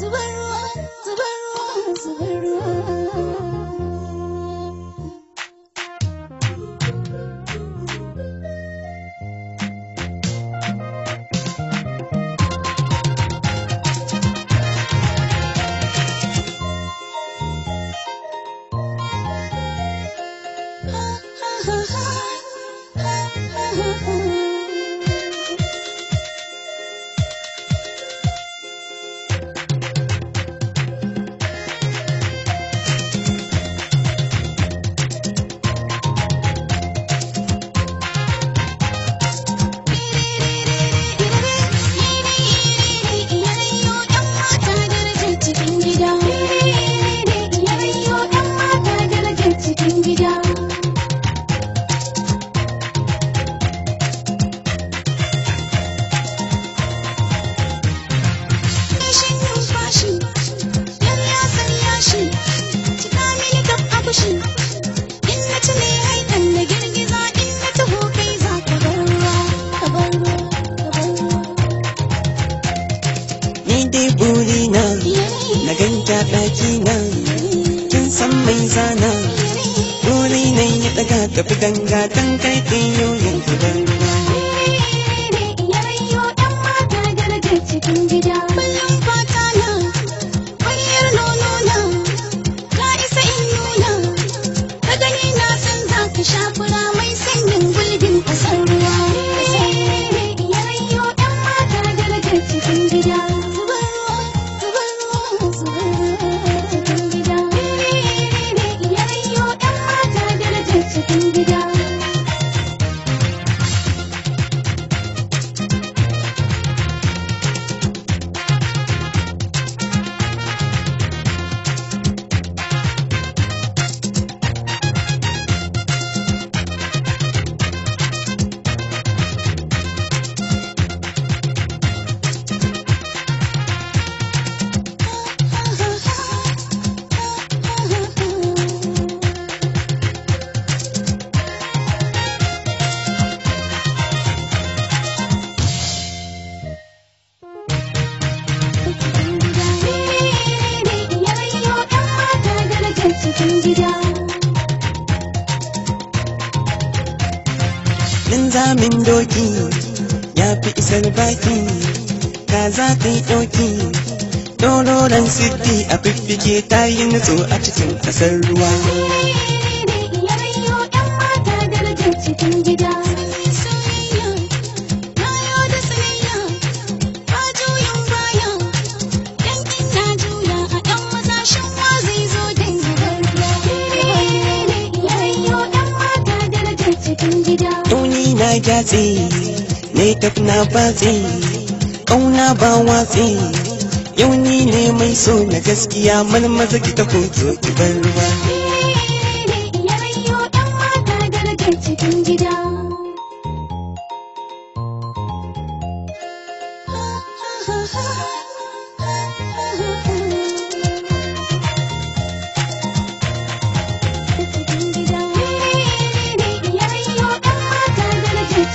zuba ruwa to ruwa zuba ruwa dai buri na na ganta na kin san mai zana buri ne ya daga tafi ganga dan kai iyo yanzu ganga cikin gida cikin zamin doki ya fi isar baki ka za ta yi ɗauki ɗororan siddi a fiffike ta yi nutso a cikin ƙasar ruwa na gyatse network na batse ƙauna ba watse yau ni ne mai so na gaskiya malmaza ki ta ko ki bar ruwa